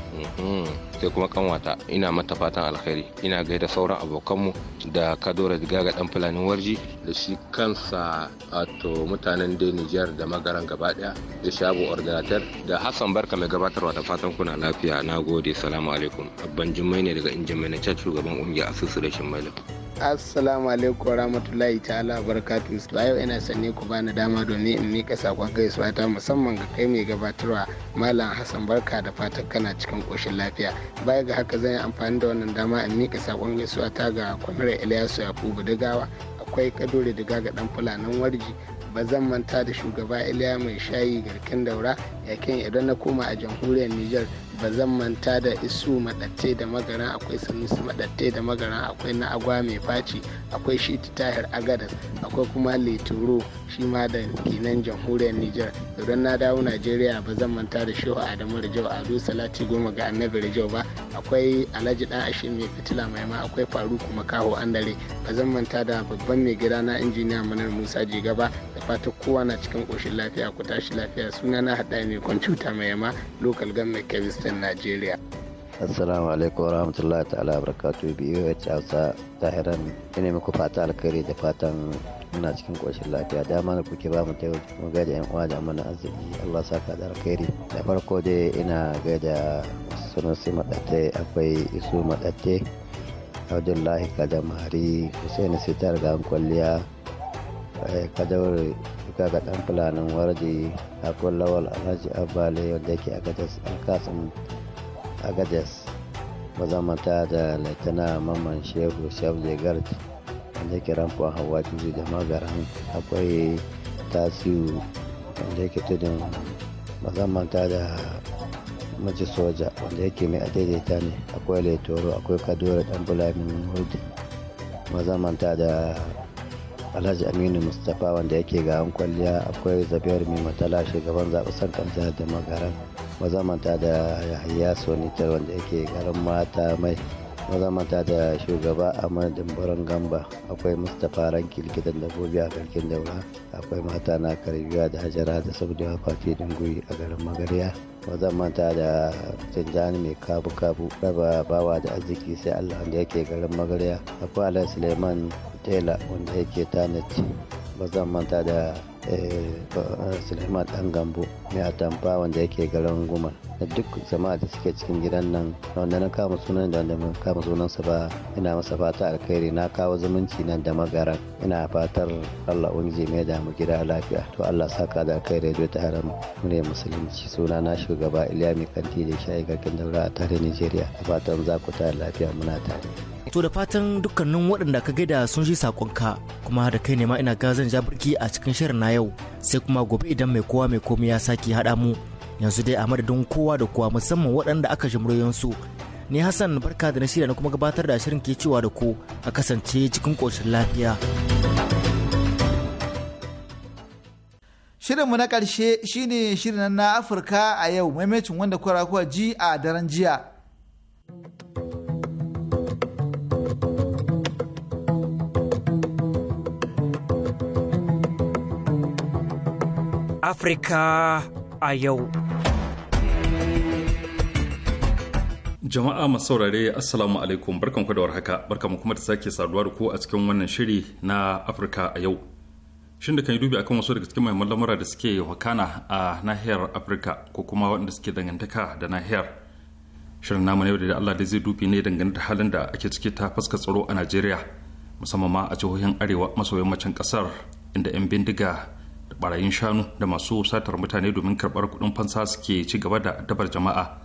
mhm. sai kuma kanwata ina mata fatan alkhairi ina gaida sauran abokanmu da kadora ga dan fulanin warji da shi kansa wato mutanen da Nijar da magaran gaba daya da shabu ordinator da Hassan Barka mai gabatarwa da fatan kuna lafiya na gode salamu alaikum abban jummai ne daga injin mai na shugaban kungiyar asusu da shimmailu assalamu alaikum rahmatullahi ta'ala barakatu su ina sanne ku bani dama domin in mika sakon gaisuwa ta musamman ga kai mai gabatarwa malam hassan barka da fatan kana cikin koshin lafiya baya ga haka zan yi amfani da wannan dama in miƙa sakon gaisuwa ta ga kwamira ilyasu yakubu dagawa akwai kadore daga ga dan fulanin warji ba zan manta da shugaba iliya mai shayi garkin daura yakin idan na koma a jamhuriyar niger ba zan manta da isu maɗatte da magaran akwai sanusi maɗatte da magaran akwai na agwa mai faci akwai ta tahir agadas akwai kuma leturo shi ma da kinan jamhuriyar niger idan na dawo nigeria ba zan manta da shehu adamu a ado salati goma ga annabi rijau ba akwai alhaji dan ashe mai fitila mai ma akwai kaho makaho andare ba zan manta da babban mai gida na injiniya manar musa jiga ba da fata kowa na cikin koshin lafiya ku tashi lafiya suna na hada mai kwamfuta mai ma local mai kebis tarayyacin najeriya assalamu alaikum warahmatullahi ta'ala barakatu biyu ci hausa tahiran ina muku fata alkhairi da fatan muna cikin koshin lafiya dama da kuke ba mu taimaki mu gaida yan uwa da amana arziki Allah ka da alkhairi da farko dai ina gaida sunusi madatte akwai isu madatte abdullahi kadamari hussein sitar ga kwalliya Eh, kadawar duka ga dan fulanin warje a kullawar alhaji abale wanda yake agadas alkasim agadas mazamanta da laitana mamman shehu shabje garji wanda yake ramfuwa hawa juju da magaran akwai tasiru wanda yake tudun mazamanta da maji soja wanda yake mai adaidaita ne akwai laitoro akwai kadawar dan fulanin warje mazamanta da alhaji aminu mustapha wanda yake ga an kwalliya akwai zabiyar mai matala shugaban zaɓe sankan jihar da magaran mazamanta da yahaya sonitar wanda yake garin mata mai mazamanta da shugaba amur dimbaran gamba akwai mustapha ranki likitan dabbobi a garkin daura akwai mata na karbiya da hajara da sabuwa fafi dingui a garin magariya mazamanta da tunjani mai kabu kabu raba bawa da arziki sai allah wanda yake garin magariya akwai alhaji suleiman tela wanda yake tanit ba zan manta da eh, suleiman dan gambo mai atamfa wanda yake garin guma da duk jama'a da suke cikin gidan nan wanda na kama sunan da wanda mun kama sunan sunansa ba ina masa fata alkhairi na kawo zumunci nan da magara ina fatar allah unji mai da mu gida lafiya to allah saka da alkhairi da ta haram ne musulunci suna na shugaba iliya mai kanti da shayi garkin daura a tare a fatan za ku ta lafiya muna tare To da fatan dukkanin waɗanda ka gaida sun ji saƙonka kuma da kai ne ma ina ja birki a cikin shirin na yau sai kuma gobe idan mai kowa mai komai ya sake haɗa mu yanzu dai a madadin kowa da kowa musamman waɗanda aka ji muryoyinsu. Ni Hassan barka da na shirya na kuma gabatar da shirin ke cewa da ku a kasance cikin ƙoshin lafiya. Shirinmu na ƙarshe shine shirin na Afirka a yau maimacin wanda kura kuwa ji a daren jiya. Afirka a yau. Jama'a masu saurare Assalamu alaikum barkanku da warhaka barkanku kuma da sake saduwa da ku a cikin wannan shiri na Afirka a yau. Shin da kan yi dubi akan wasu daga cikin muhimman lamura da suke wakana a nahiyar Afirka ko kuma waɗanda suke dangantaka da nahiyar. Shirin namu ne da Allah da zai dubi ne dangane da halin da ake ciki ta faska tsaro a Najeriya musamman ma a jihohin arewa maso yammacin kasar inda 'yan bindiga barayin shanu da masu satar mutane domin karbar kudin fansa suke ci gaba da dabar jama'a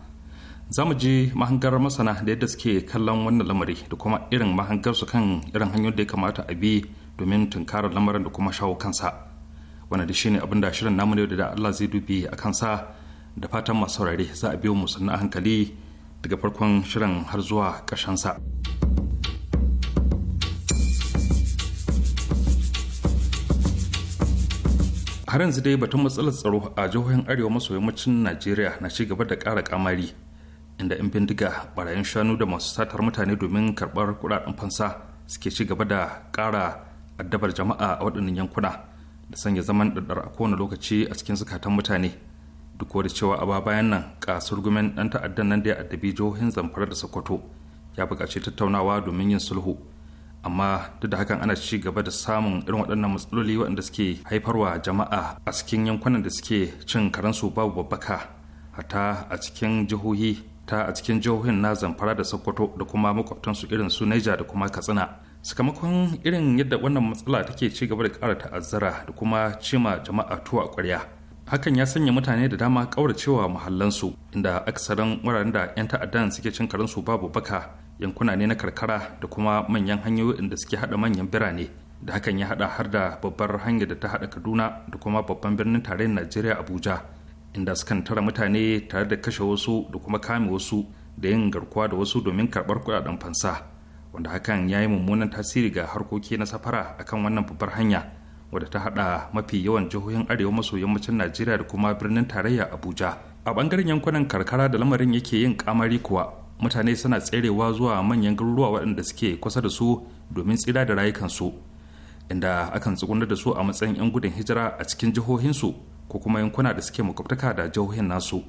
za mu ji mahangar masana da yadda suke kallon wannan lamari da kuma irin mahangar su kan irin hanyoyin da ya kamata a bi domin tunkarar lamarin da kuma shawo kansa wanda da shine abin da shirin namu ne da Allah zai dubi a kansa da fatan masu saurare za a biyo mu sannan hankali daga farkon shirin har zuwa ƙarshen sa. har yanzu dai batun matsalar tsaro a jihohin arewa maso yammacin najeriya na ci gaba da kara kamari inda 'yan bindiga barayin shanu da masu satar mutane domin karɓar kuɗaɗen fansa suke ci gaba da kara addabar jama'a a waɗannan yankuna da sanya zaman ɗaɗɗar a kowane lokaci a cikin zukatan mutane duk da cewa a bayan nan kasar gumen ɗan ta'addan nan da ya addabi jihohin zamfara da sokoto ya buƙaci tattaunawa domin yin sulhu amma duk da hakan ana ci gaba da samun irin waɗannan matsaloli waɗanda suke haifarwa jama'a a cikin yankunan da suke cin karansu babu babbaka hata a cikin jihohi ta a cikin jihohin na zamfara da sokoto da kuma makwabtansu irin su naija da kuma katsina sakamakon irin yadda wannan matsala take ci gaba da ƙara ta'azzara da kuma cima jama'a tuwa ƙwarya hakan ya sanya mutane da dama ƙauracewa muhallansu inda aksarin wuraren da 'yan ta'addan suke cin karansu babu baka yankuna ne na karkara da kuma manyan hanyoyin da suke hada manyan birane da hakan ya hada har da babbar hanyar da ta hada kaduna da kuma babban birnin tarayyar najeriya abuja inda sukan tara mutane tare da kashe wasu da kuma kame wasu da yin garkuwa da wasu domin karɓar kudaden fansa wanda hakan ya yi mummunan tasiri ga harkoki na safara akan wannan babbar hanya wadda ta hada mafi yawan jihohin arewa maso yammacin najeriya da kuma birnin tarayya abuja a bangaren yankunan karkara da lamarin yake yin kamari kuwa mutane suna tserewa zuwa manyan garuruwa waɗanda suke kusa da su domin tsira da rayukansu inda akan tsugunar da su a matsayin 'yan gudun hijira a cikin jihohinsu ko kuma yankuna da suke makwabtaka da jihohin nasu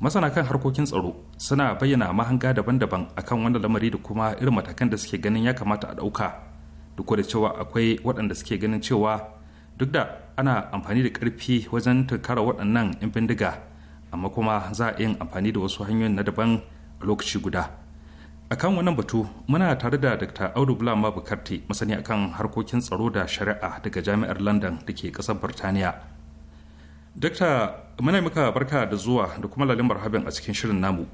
masana kan harkokin tsaro suna bayyana mahanga daban-daban akan wannan lamari da kuma irin matakan da suke ganin ya kamata a ɗauka duk da cewa akwai waɗanda suke ganin cewa duk da ana amfani da ƙarfi wajen tunkara waɗannan 'yan bindiga amma kuma za a yin amfani da wasu hanyoyin na daban lokaci guda akan wannan batu muna tare da dr audu bulama bukarti masani akan harkokin tsaro da shari'a daga jami'ar london da ke kasar birtaniya dr muna muka barka da zuwa da kuma lalin habin a cikin shirin namu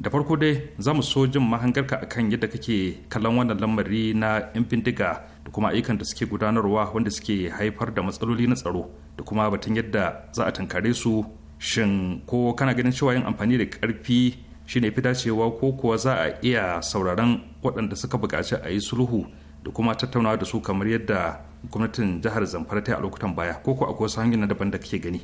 da farko dai za mu so jin mahangarka akan yadda kake kallon wannan lamari na yan bindiga da kuma ayyukan da suke gudanarwa wanda suke haifar da matsaloli na tsaro da kuma batun yadda za a tankare su shin ko kana ganin cewa yin amfani da karfi shine fi dacewa ko kuwa za a iya sauraron waɗanda suka buƙaci a yi sulhu da kuma tattaunawa da su kamar yadda gwamnatin jihar zamfara ta a lokutan baya ko ko akwai wasu na daban da kake gani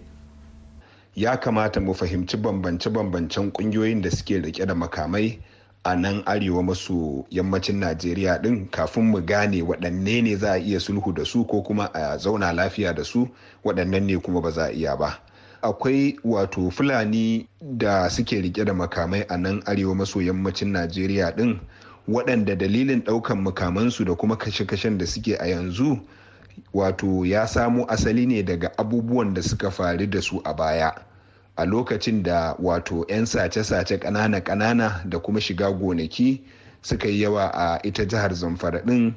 ya kamata mu fahimci bambance-bambancen ƙungiyoyin da suke rike da makamai a nan arewa masu yammacin najeriya din kafin mu gane waɗanne ne za a iya sulhu da su ko kuma a zauna lafiya da su waɗannan ne kuma ba za a iya ba akwai wato fulani da suke rike da makamai a nan arewa maso yammacin najeriya din waɗanda dalilin ɗaukan makamansu da kuma kashe-kashen da suke a yanzu wato ya samo asali ne daga abubuwan da suka faru da su a baya a lokacin da wato 'yan sace-sace ƙanana-ƙanana da kuma shiga gonaki suka yi yawa a ita jihar zamfara ɗin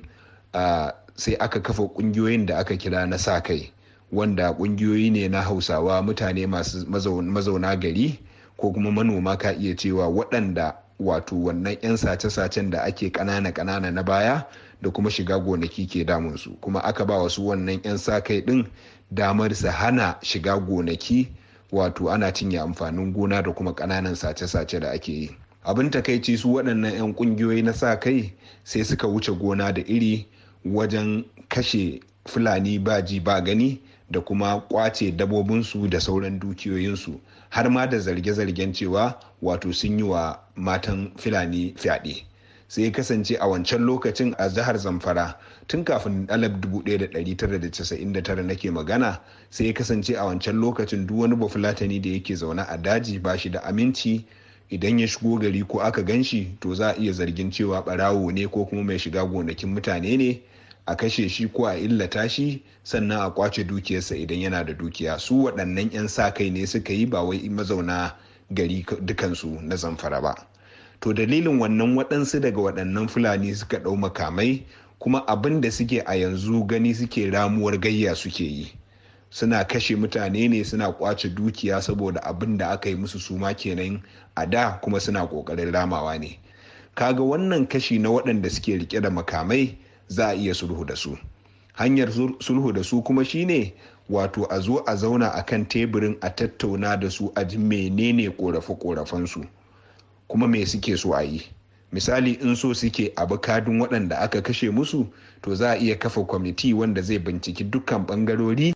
sai aka kafa ƙungiyoyin da aka kira na sa kai wanda kungiyoyi ne na hausawa mutane masu mazauna gari ko kuma manoma ka iya cewa waɗanda wato wannan 'yan sace-sacen da ake ƙanana-ƙanana na baya da kuma shiga gonaki ke damunsu kuma aka ba wasu wannan 'yan sa kai ɗin damar su hana shiga gonaki wato ana cinye amfanin gona da kuma ƙananan sace-sace da ake yi abin takaici su waɗannan 'yan ƙungiyoyi na sa kai sai suka wuce gona da iri wajen kashe fulani baji ba gani da kuma kwace dabobinsu da sauran dukiyoyinsu har ma da zarge-zargen cewa wato sun yi wa matan fulani fyaɗe sai kasance a wancan lokacin a jihar zamfara tun kafin 1999 nake magana sai ya kasance a wancan lokacin duk wani bafulatani da yake zaune a daji ba shi da aminci idan ya shigo gari ko aka ganshi to za a iya zargin cewa barawo ne ko kuma mai shiga gonakin mutane ne a kashe shi ko a illata shi sannan a kwace dukiyarsa idan yana da dukiya su waɗannan 'yan sa kai ne suka yi ba wai mazauna gari dukansu na zamfara ba to dalilin wannan waɗansu daga waɗannan fulani suka ɗau makamai kuma abin da suke a yanzu gani suke ramuwar gayya suke yi suna kashe mutane ne suna kwace dukiya saboda abin da aka yi musu suma kenan a da kuma suna ƙoƙarin ramawa ne kaga wannan kashi na waɗanda suke rike da makamai za a iya sulhu da su hanyar sulhu da su kuma shine wato a zo a zauna a kan teburin a tattauna da su a menene korafe-korafensu kuma me suke so a yi misali in so suke abu waɗanda aka kashe musu to za a iya kafa kwamiti wanda zai binciki dukkan bangarori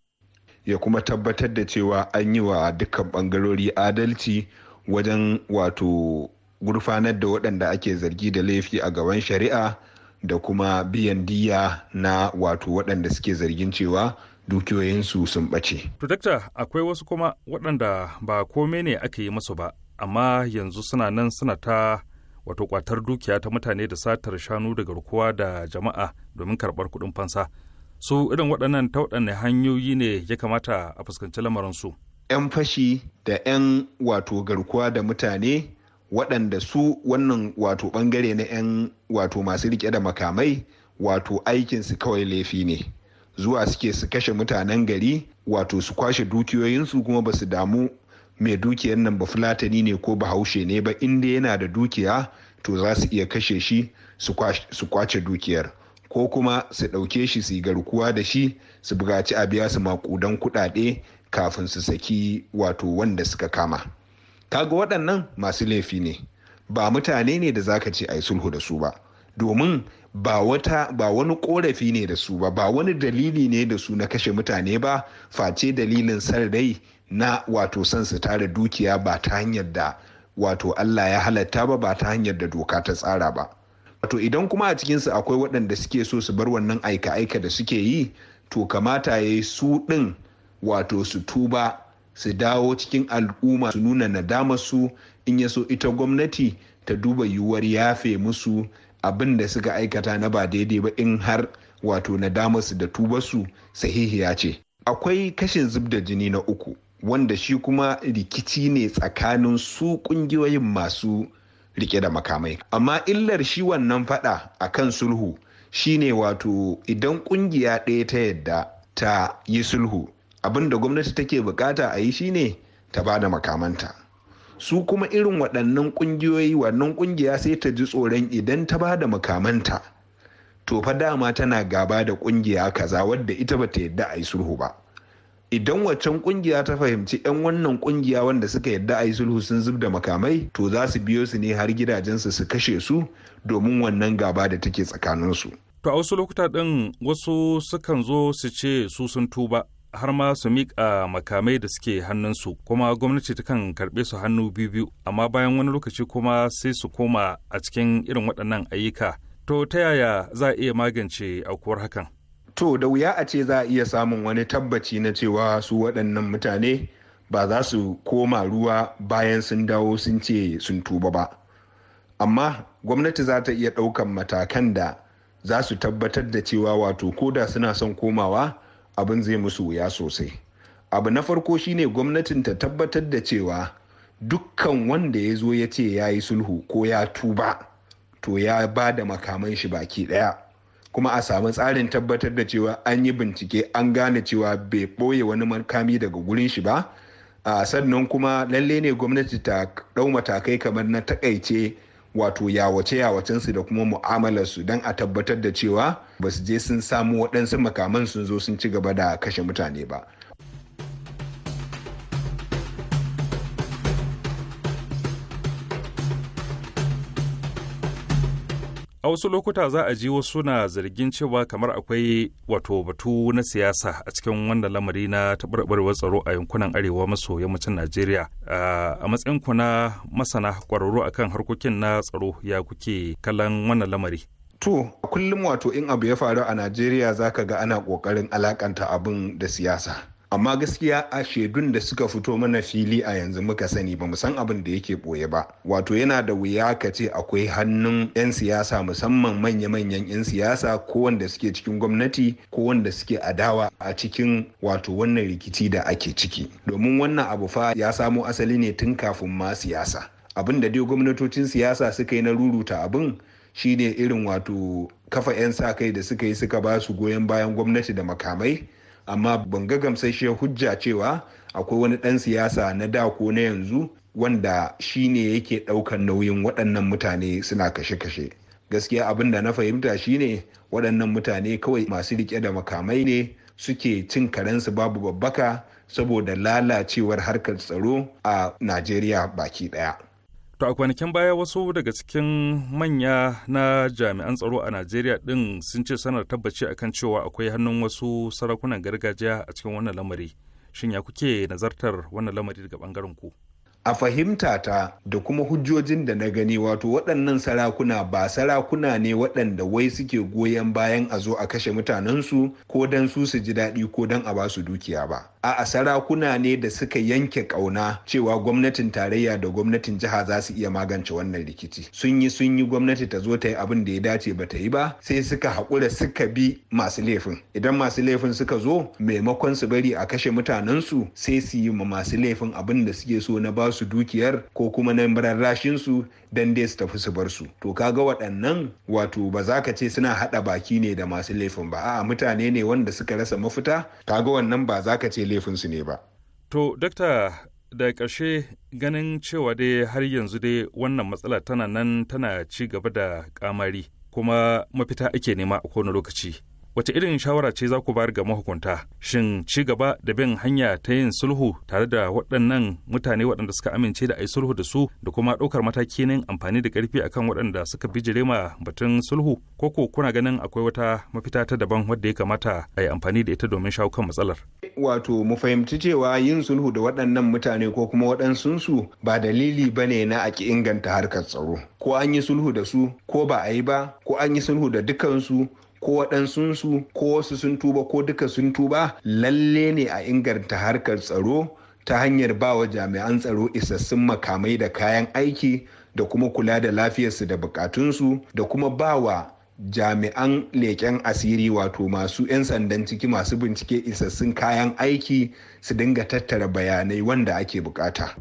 ya kuma tabbatar da cewa an yi wa dukkan bangarori adalci wajen wato gurfanar da waɗanda ake zargi da laifi a gaban shari'a da kuma biyan diya na wato waɗanda suke zargin cewa dukiyoyinsu sun ɓace. To akwai wasu kuma waɗanda ba kome ne aka yi masu ba amma yanzu suna nan suna ta wato kwatar dukiya ta mutane da satar shanu da garkuwa da jama'a domin karɓar kuɗin fansa. Su irin waɗannan ta waɗanne hanyoyi ne ya kamata a fuskanci lamarinsu. 'Yan fashi da 'yan wato garkuwa da mutane waɗanda su wannan wato ɓangare na 'yan wato masu rike da makamai wato aikinsu kawai laifi ne zuwa suke su kashe mutanen gari wato su kwashe dukiyoyinsu kuma ba su damu mai dukiyar nan ba fulatani ne ko ba haushe ne ba inda yana da dukiya to za su iya kashe shi su kwace dukiyar ko kuma su ɗauke shi su yi garkuwa da shi su bugaci a biya su maƙudan kuɗaɗe kafin su saki wato wanda suka kama. kaga waɗannan masu laifi ne ba mutane ne da zaka ce a yi sulhu da su ba domin ba wata ba wani korafi ne da su ba ba wani dalili ne da su na kashe mutane ba face dalilin san rai na wato son su tara dukiya ba ta hanyar da wato Allah ya halatta ba ba ta hanyar da doka ta tsara ba wato idan kuma a cikinsu akwai waɗanda suke so su bar wannan aika-aika da suke yi to kamata ya yi su ɗin wato su tuba su dawo cikin al'umma su nuna su in ya so ita gwamnati ta duba yiwuwar yafe musu abin da suka aikata na ba daidai ba in har wato su da su, sahihiya ce akwai kashin zub da jini na uku wanda shi kuma rikici ne tsakanin su kungiyoyin masu rike da makamai amma illar shi wannan fada a kan sulhu shine wato idan kungiya ɗaya ta yadda ta yi sulhu abin da gwamnati take bukata a yi shine ta ba da makamanta su kuma irin waɗannan ƙungiyoyi wannan ƙungiya sai ta ji tsoron idan ta ba da makamanta to fa dama tana gaba da ƙungiya kaza wadda ita ba ta yadda a yi sulhu ba idan waccan ƙungiya ta fahimci 'yan wannan ƙungiya wanda suka yadda a yi sulhu sun zub da makamai to za su biyo su ne har gidajensu su kashe su domin wannan gaba da take tsakaninsu to a wasu lokuta ɗin wasu sukan zo su ce su sun tuba har ma su miƙa makamai da suke hannunsu kuma gwamnati ta kan karɓe su hannu biyu biyu amma bayan wani lokaci kuma sai su koma a cikin irin waɗannan ayyuka to ta yaya za a iya magance aukuwar hakan to da wuya a ce za a iya samun wani tabbaci na cewa su waɗannan mutane ba za su koma ruwa bayan sun dawo sun ce sun tuba ba amma gwamnati za ta iya ɗaukan matakan da za su tabbatar da cewa wato ko da suna son komawa abin zai musu wuya sosai abu na farko shine gwamnatin ta tabbatar da cewa dukkan wanda ya zo ya ce ya yi sulhu ko ya tuba to ya ba da makaman shi baki daya kuma a samu tsarin tabbatar da cewa an yi bincike an gane cewa bai ɓoye wani makami daga gurin shi ba a sannan kuma lalle ne gwamnati ta ɗau matakai kamar na takaice wato yawace yawacensu da kuma mu'amalarsu don a tabbatar da cewa ba su je sun samu waɗansu makaman sun zo sun ci gaba da kashe mutane ba a wasu lokuta za a ji wasu na zargin cewa kamar akwai wato batu na siyasa a cikin wannan lamari na taɓarɓarewar tsaro a yankunan arewa maso yammacin najeriya a matsayin ku na masana kwararru akan harkokin na tsaro ya kuke kallon wannan lamari to kullum wato in abu ya faru a najeriya zaka ga ana ƙoƙarin alakanta abin da siyasa amma gaskiya a shaidun da suka fito mana fili a yanzu muka sani ba san abin da yake ɓoye ba wato yana da wuya ka ce akwai hannun 'yan siyasa musamman manya-manyan 'yan siyasa ko wanda suke cikin gwamnati ko wanda suke adawa a cikin wato wannan rikici da ake ciki domin wannan abu fa ya samo asali ne tun kafin ma siyasa abin da dai gwamnatocin siyasa suka yi na ruruta abin shine irin wato kafa 'yan sa kai da suka yi suka ba su goyon bayan gwamnati da makamai amma ban ga gamsashe hujja cewa akwai wani ɗan siyasa na da ko na yanzu wanda shi ne yake ɗaukan nauyin waɗannan mutane suna kashe-kashe gaskiya abin da na fahimta shine waɗannan mutane kawai masu riƙe da makamai ne suke cin karensu babu babbaka saboda lalacewar harkar tsaro a najeriya baki ɗaya To a kwanakin baya wasu daga cikin manya na jami'an tsaro a Najeriya ɗin sun ce sanar tabbaci akan cewa akwai hannun wasu sarakunan gargajiya a cikin wannan lamari. Shin ya kuke nazartar wannan lamari daga bangaren ku? a fahimta ta da kuma hujjojin da na gani wato waɗannan sarakuna ba sarakuna ne waɗanda wai suke goyon bayan a zo a kashe mutanensu ko don su su ji daɗi ko don a ba su dukiya ba a sarakuna ne da suka yanke ƙauna cewa gwamnatin tarayya da gwamnatin jiha za su iya magance wannan rikici sun yi sun yi gwamnati ta zo ta yi abin da ya dace ba ta yi ba sai suka haƙura suka bi masu laifin idan masu laifin suka zo maimakon su bari a kashe mutanensu sai su yi ma masu laifin abin da suke so na ba su dukiyar ko kuma na rarrashin su don dai su tafi su bar su to kaga waɗannan wato ba za ka ce suna haɗa baki ne da masu laifin ba a'a mutane ne wanda suka rasa mafita kaga wannan ba za ka ce laifin su ne ba to dokta da ƙarshe ganin cewa dai har yanzu dai wannan matsala tana nan tana ci gaba da kamari kuma mafita ake nema a kowane lokaci wace irin shawara ce za ku bayar ga mahukunta shin ci gaba da bin hanya ta yin sulhu tare da waɗannan mutane waɗanda suka amince da a yi sulhu da su da kuma ɗaukar mataki amfani da ƙarfi akan waɗanda suka bijire ma batun sulhu ko ko kuna ganin akwai wata mafita ta daban wadda ya kamata a yi amfani da ita domin shawo kan matsalar wato mu fahimci cewa yin sulhu da waɗannan mutane ko kuma waɗansunsu ba dalili ba ne na a ki inganta harkar tsaro ko an yi sulhu da su ko ba a yi ba ko an yi sulhu da dukansu ko waɗansunsu ko wasu sun tuba ko duka sun tuba lalle ne a inganta harkar tsaro ta hanyar bawa jami'an tsaro isassun makamai da kayan aiki da kuma kula da lafiyarsu da bukatunsu da kuma bawa jami'an leƙen asiri wato masu 'yan sandan ciki masu bincike isassun kayan aiki su dinga tattara bayanai wanda ake bukata.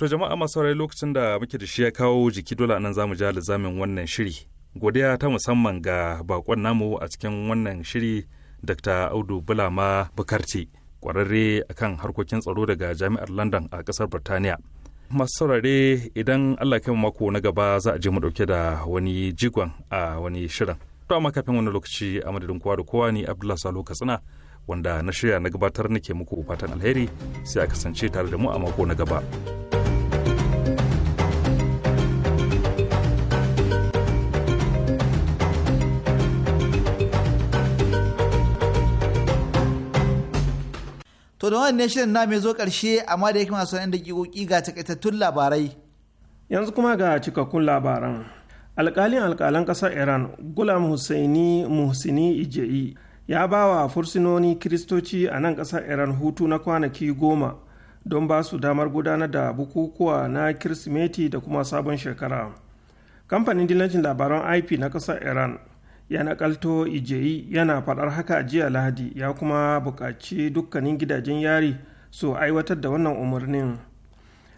To jama'a masu saurari lokacin da muke da shi ya kawo jiki dole nan zamu ja lizamin wannan shiri. Godiya ta musamman ga bakon namu a cikin wannan shiri Dr. Audu Bulama Bukarti, kwararre akan harkokin tsaro daga Jami'ar London a ƙasar Birtaniya. Masu saurare idan Allah kai mako na gaba za a je mu dauke da wani jigon a wani shirin. To amma kafin wani lokaci a madadin kowa da kowa ni Abdullahi Salo Katsina. wanda na shirya na gabatar nake muku fatan alheri sai a kasance tare da mu a mako na gaba. To da wannan shirin na mai zo ƙarshe amma da yake masu da dakikoki ga takaitattun labarai. Yanzu kuma ga cikakkun labaran. Alƙalin alƙalan ƙasar Iran Gulam Hussaini Muhsini Ije'i ya ba wa fursunoni kiristoci a nan ƙasar iran hutu na kwanaki goma don ba su damar gudanar da bukukuwa na kirsimeti da kuma sabon shekara kamfanin dillancin labaran ip na ƙasar iran ya nakalto ijeyi yana faɗar haka a jiya lahadi ya kuma buƙaci dukkanin gidajen yari su aiwatar da wannan umarnin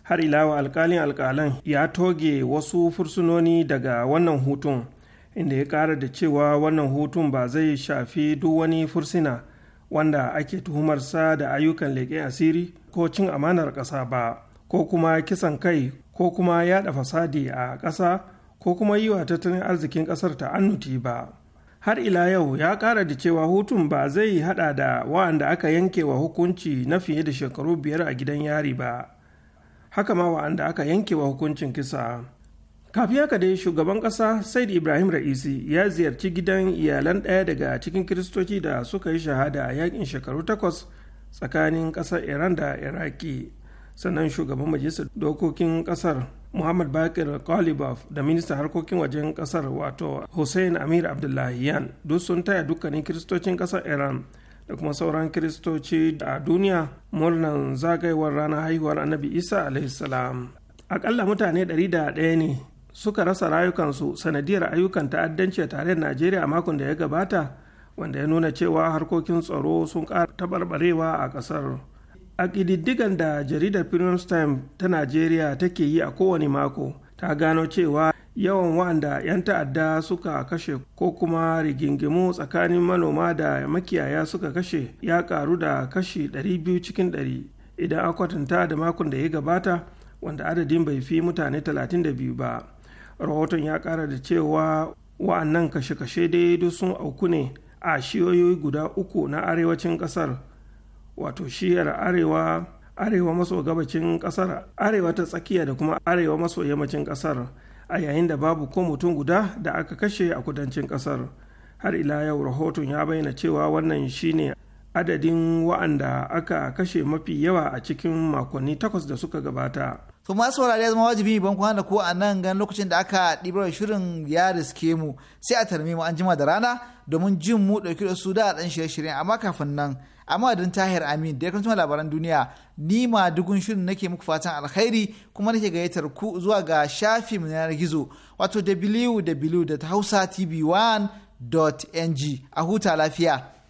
har ilawa alkalin alkalan ya toge wasu fursunoni daga wannan hutun inda ya ƙara da cewa wannan hutun ba zai shafi duk wani fursina wanda ake tuhumarsa da ayyukan leƙe asiri ko cin amanar ƙasa ba ko kuma kisan kai ko kuma yaɗa fasadi a ƙasa ko kuma yi wa tattalin arzikin ƙasar ta annuti ba har ila yau ya ƙara da cewa hutun ba zai haɗa da wa'anda aka yanke wa hukunci na fiye da shekaru biyar a gidan yari ba haka ma wa'anda aka yanke wa hukuncin kisa kafin haka dai shugaban ƙasa said ibrahim ra'isi ya ziyarci gidan iyalan ɗaya daga cikin kiristoci da suka yi shahada a yakin shekaru takwas tsakanin ƙasar iran da iraki sannan shugaban majalisar dokokin ƙasar muhammad bakir kalibov da ministan harkokin wajen ƙasar wato hussein amir abdullahiyan duk sun taya dukkanin kiristocin ƙasar iran da kuma sauran kiristoci a duniya murnan zagayewar ranar haihuwar annabi isa alaihissalam akalla mutane 101 ne suka rasa rayukansu sanadiyar ayyukan ta'addanci a tarayyar najeriya a makon da ya gabata wanda ya nuna cewa harkokin tsaro sun ƙara taɓarɓarewa a ƙasar a ƙididdigan da jaridar premium time ta najeriya take yi a kowane mako ta gano cewa yawan wa'anda 'yan ta'adda suka kashe ko kuma rigingimu tsakanin manoma da makiyaya suka kashe ya karu da kashi 200 cikin 100 idan a kwatanta da makon da ya gabata wanda adadin bai fi mutane 32 ba rahoton ya kara da cewa wa'annan kashe-kashe dai duk sun auku ne a shiyoyi guda uku na arewacin kasar wato shiyar arewa arewa maso gabacin kasar arewa ta tsakiya da kuma arewa maso yammacin kasar a yayin da babu ko mutum guda da aka kashe a kudancin kasar har ila yau rahoton ya bayyana cewa wannan shine adadin wa'anda aka kashe mafi yawa a cikin makonni takwas da suka gabata to masu saurare zama wajibi ban kwana ko a nan gan lokacin da aka ɗibar shirin ya riske mu sai a tarmi mu an jima da rana domin jin mu ɗauki da su da a ɗan shirye-shiryen amma kafin nan amma don tahir amin da ya kuma labaran duniya ni ma dugun shirin nake muku fatan alkhairi kuma nake gayyatar ku zuwa ga shafi mu yanar gizo wato www.hausatv1.ng a huta lafiya.